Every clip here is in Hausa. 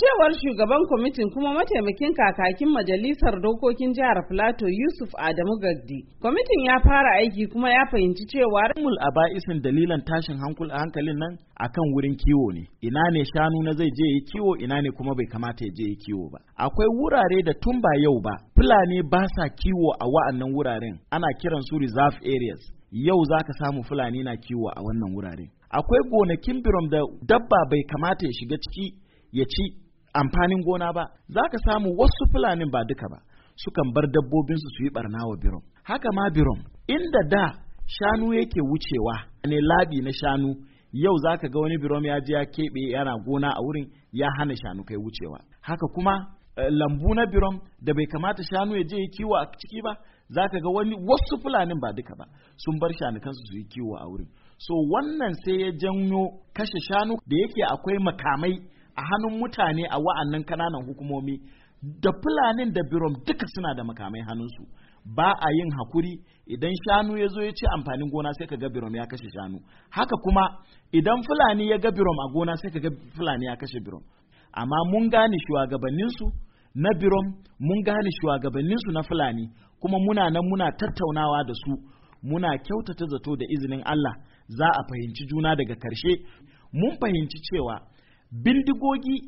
cewar shugaban kwamitin kuma mataimakin kakakin majalisar dokokin jihar Filato Yusuf Adamu Gagdi. Kwamitin ya fara aiki kuma ya fahimci cewa mul ba'isin dalilan tashin hankalin nan akan wurin kiwo ne. Ina ne shanu na zai je yi kiwo ina ne kuma bai kamata ya je yi kiwo ba. Akwai wurare da tun ba yau ba Fulani ba sa kiwo a wa'annan wuraren ana kiran su reserve areas. Yau za ka samu Fulani na kiwo a wannan wuraren. Akwai gonakin birom da dabba bai kamata ya shiga ciki ya ci amfanin gona ba za ka samu wasu fulanin ba duka ba sukan bar dabbobinsu su yi barna wa birom haka ma birom inda da shanu yake wucewa ne labi na shanu yau za ka ga wani birom ya je ya keɓe yana gona a wurin ya hana shanu kai wucewa haka kuma eh, lambu na birom da bai kamata shanu ya je ya kiwo a ciki ba za ka ga wani wasu fulanin ba duka ba sun bar shanukansu su yi kiwo a wurin so wannan sai ya janyo kashe shanu da yake akwai makamai a hannun mutane a wa'annan kananan hukumomi da fulanin da birom duka suna da makamai hannunsu ba a yin hakuri idan shanu ya zo ya ci amfanin gona sai ka ga birom ya kashe shanu haka kuma idan fulani ya ga birom a gona sai ka ga fulani ya kashe birom amma mun gane shugabanninsu na birom mun gane shugabanninsu na fulani kuma muna nan muna tattaunawa da su muna kyautata zato da izinin Allah za a fahimci juna daga karshe mun fahimci cewa bindigogi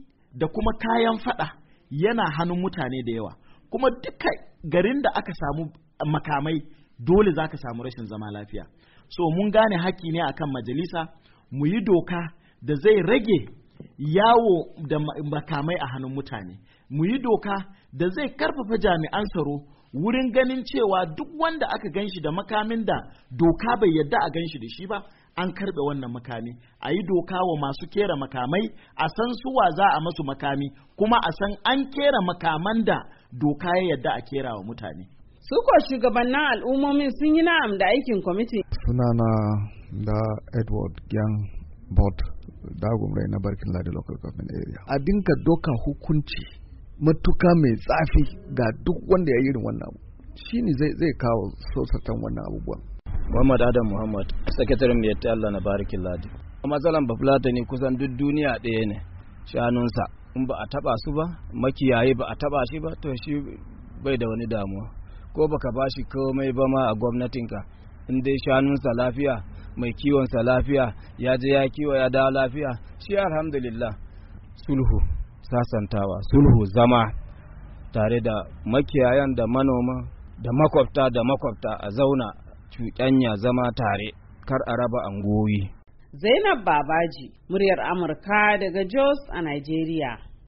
da kuma kayan fada yana hannun mutane da yawa kuma duka garin da aka samu makamai dole za ka samu rashin zama lafiya so mun gane haƙƙi ne akan majalisa mu yi doka da zai rage yawo da makamai a hannun mutane mu yi doka da zai karfafa jami'an tsaro wurin ganin cewa duk wanda aka ganshi da makamin da doka bai yadda a ganshi da shi ba an karbe wannan makami a yi doka wa masu kera makamai a san suwa za a masu makami kuma a san an kera makaman da doka ya yadda a kera wa mutane su ko shugabannin al'ummomin sun yi na'am da aikin kwamiti sunana da edward gyan bot dagumrai na barkin ladi local government area a dinka doka hukunci matuka mai tsafi ga duk wanda ya yi irin wannan abu shi ne zai kawo sosatan wannan abubuwan Muhammad Adam Muhammad, sakataren mai yatta Allah na barikin ladi. Matsalan bafulata ne kusan duk duniya ɗaya ne shanunsa. In ba a taɓa su ba, makiyayi ba a taɓa shi ba, to shi bai da wani damuwa. Ko baka ba shi komai ba ma a gwamnatinka, in dai shanunsa lafiya, mai kiwonsa lafiya, ya je ya kiwo ya dawo lafiya, shi alhamdulillah. Sulhu, sasantawa, sulhu zama tare da makiyayan da manoma da makwabta da makwabta a zauna cuɗanya zama tare kar a raba angoyi. Zainab Babaji, muryar Amurka daga Jos a Najeriya.